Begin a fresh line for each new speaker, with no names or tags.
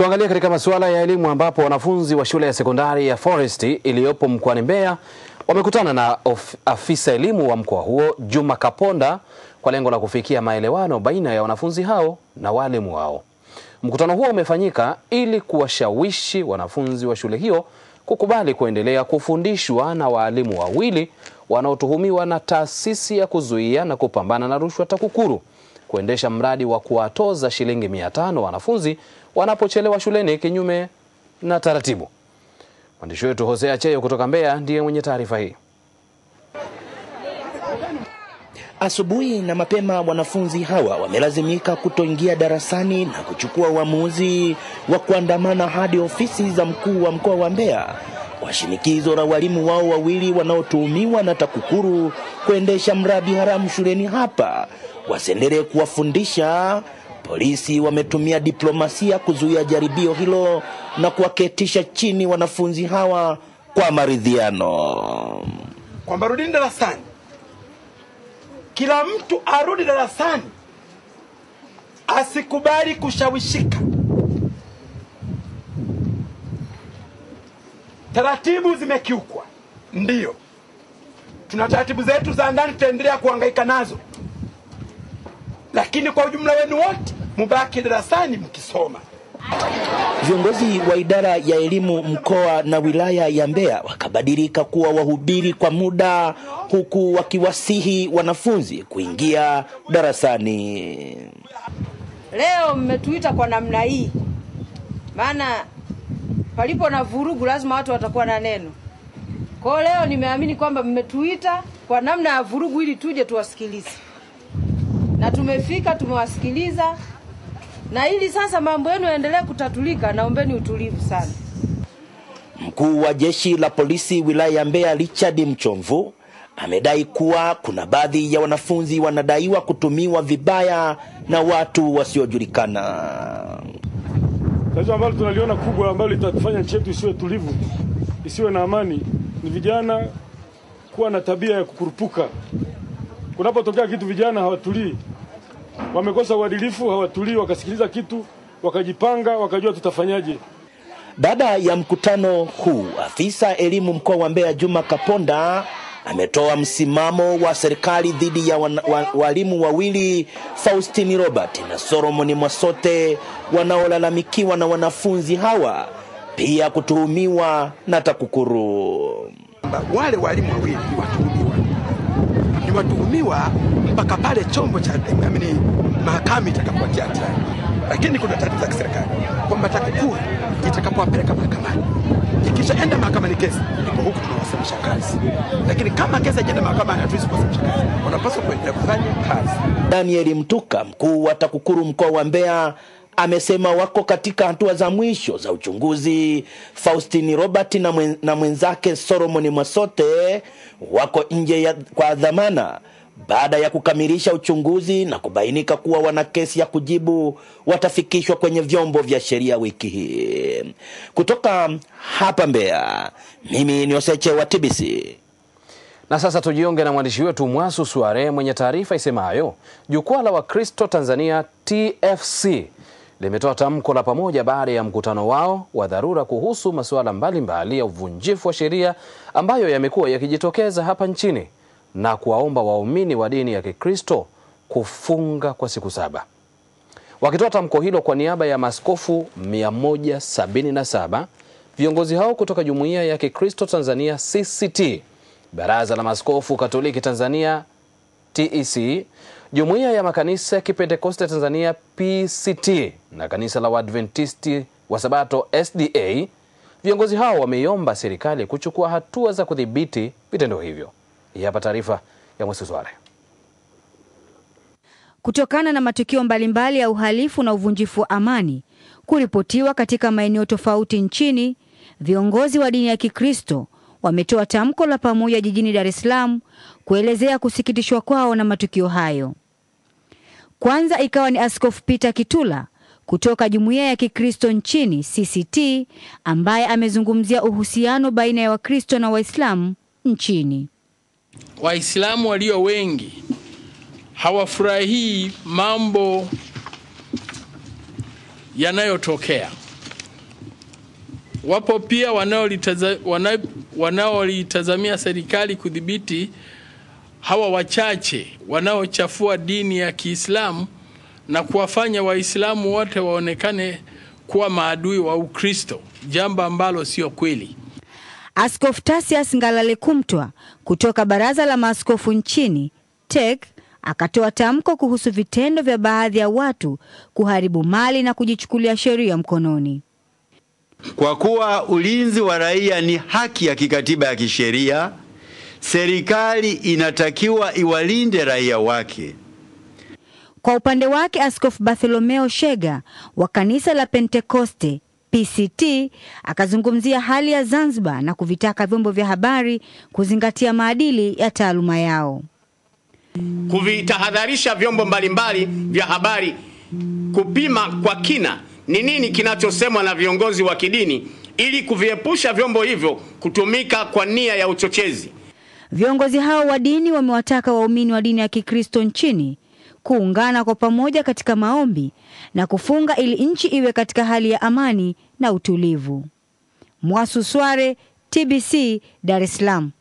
Tuangalie katika masuala ya elimu ambapo wanafunzi wa shule ya sekondari ya Forest iliyopo mkoani Mbeya wamekutana na of, afisa elimu wa mkoa huo Juma Kaponda kwa lengo la kufikia maelewano baina ya wanafunzi hao na walimu wao. Mkutano huo umefanyika ili kuwashawishi wanafunzi wa shule hiyo kukubali kuendelea kufundishwa na waalimu wawili wanaotuhumiwa na taasisi ya kuzuia na kupambana na rushwa TAKUKURU kuendesha mradi wa kuwatoza shilingi mia tano wanafunzi wanapochelewa shuleni kinyume na taratibu. Mwandishi wetu Hosea Cheyo kutoka Mbeya ndiye mwenye taarifa hii.
Asubuhi na mapema wanafunzi hawa wamelazimika kutoingia darasani na kuchukua uamuzi wa kuandamana hadi ofisi za mkuu wa mkoa wa Mbeya kwa shinikizo la walimu wao wawili wanaotuhumiwa na TAKUKURU kuendesha mradi haramu shuleni hapa wasiendelee kuwafundisha. Polisi wametumia diplomasia kuzuia jaribio hilo na kuwaketisha chini wanafunzi hawa kwa maridhiano
kwamba rudini darasani, kila mtu arudi darasani, asikubali kushawishika. Taratibu zimekiukwa, ndiyo, tuna taratibu zetu za ndani, tutaendelea kuhangaika nazo lakini kwa ujumla wenu wote mubaki darasani mkisoma.
Viongozi wa idara ya elimu mkoa na wilaya ya Mbeya wakabadilika kuwa wahubiri kwa muda, huku wakiwasihi wanafunzi kuingia darasani.
Leo mmetuita kwa namna hii, maana palipo na vurugu lazima watu watakuwa na neno. Kwa leo nimeamini kwamba mmetuita kwa namna ya vurugu ili tuje tuwasikilize na tumefika, tumewasikiliza na ili sasa mambo yenu yaendelee kutatulika, naombeni utulivu sana.
Mkuu wa jeshi la polisi wilaya ya Mbeya Richard Mchomvu amedai kuwa kuna baadhi ya wanafunzi wanadaiwa kutumiwa vibaya na watu wasiojulikana.
Tatizo ambalo tunaliona kubwa ambalo litatufanya nchi yetu isiwe tulivu, isiwe na amani ni vijana kuwa na tabia ya kukurupuka. Kunapotokea kitu, vijana hawatulii wamekosa uadilifu, hawatulii, wakasikiliza kitu, wakajipanga, wakajua tutafanyaje.
Baada ya mkutano huu, afisa elimu mkoa wa Mbeya Juma Kaponda ametoa msimamo wa serikali dhidi ya walimu wa, walimu wawili Faustini Robert na Solomoni Mwasote wanaolalamikiwa na wanafunzi hawa pia kutuhumiwa na TAKUKURU.
Wale walimu wawili watu ni watuhumiwa mpaka pale chombo cha mahakama itakapowatia hatiani. Lakini kuna taratibu za kiserikali kwamba TAKUKURU itakapowapeleka mahakamani, ikishaenda mahakamani kesi ipo huku tunawasilisha kazi, lakini kama kesi haijaenda mahakamani hatuwezi kuwasilisha kazi, wanapaswa kuendelea kufanya kazi.
Daniel Mtuka, mkuu wa TAKUKURU mkoa wa Mbeya amesema wako katika hatua za mwisho za uchunguzi. Faustini Robert na, mwen, na mwenzake Solomon Mwasote wako nje ya, kwa dhamana baada ya kukamilisha uchunguzi na kubainika kuwa wana kesi ya kujibu, watafikishwa kwenye vyombo vya sheria wiki hii. Kutoka hapa Mbeya, mimi ni Oseche wa TBC.
Na sasa tujiunge na mwandishi wetu Mwasu Suare mwenye taarifa isemayo jukwaa la Wakristo Tanzania TFC limetoa tamko la pamoja baada ya mkutano wao wa dharura kuhusu masuala mbalimbali ya uvunjifu wa sheria ambayo yamekuwa yakijitokeza hapa nchini na kuwaomba waumini wa dini ya Kikristo kufunga kwa siku saba. Wakitoa tamko hilo kwa niaba ya maaskofu 177 viongozi hao kutoka Jumuiya ya Kikristo Tanzania CCT, Baraza la Maaskofu Katoliki Tanzania TEC, Jumuiya ya Makanisa ya Kipentekoste Tanzania PCT na Kanisa la Waadventisti wa Sabato SDA, viongozi hao wameiomba serikali kuchukua hatua za kudhibiti vitendo hivyo. Hii hapa taarifa ya Zware.
Kutokana na matukio mbalimbali ya uhalifu na uvunjifu wa amani kuripotiwa katika maeneo tofauti nchini, viongozi wa dini ya Kikristo wametoa tamko la pamoja jijini Dar es Salaam kuelezea kusikitishwa kwao na matukio hayo. Kwanza ikawa ni Askofu Peter Kitula kutoka Jumuiya ya Kikristo nchini CCT ambaye amezungumzia uhusiano baina ya Wakristo na Waislamu nchini.
Waislamu walio wengi hawafurahii mambo yanayotokea. Wapo pia wanaolitazamia wanaolitazamia serikali kudhibiti hawa wachache wanaochafua dini ya Kiislamu na kuwafanya Waislamu wote waonekane kuwa maadui wa Ukristo, jambo ambalo sio kweli.
Askofu Tasias Ngalalekumtwa kutoka Baraza la Maaskofu nchini TEC akatoa tamko kuhusu vitendo vya baadhi ya watu kuharibu mali na kujichukulia sheria mkononi.
Kwa kuwa ulinzi wa raia ni haki ya kikatiba ya kisheria, serikali inatakiwa iwalinde raia wake.
Kwa upande wake, Askofu Bartholomeo Shega wa kanisa la Pentekoste PCT akazungumzia hali ya Zanzibar na kuvitaka vyombo vya habari kuzingatia maadili ya taaluma yao,
kuvitahadharisha vyombo mbalimbali vya habari kupima kwa kina ni nini kinachosemwa na viongozi wa kidini ili kuviepusha vyombo hivyo kutumika kwa nia ya uchochezi.
Viongozi hao wa dini wamewataka waumini wa dini ya Kikristo nchini kuungana kwa pamoja katika maombi na kufunga ili nchi iwe katika hali ya amani na utulivu. Mwasu Sware, TBC, Dar es Salaam.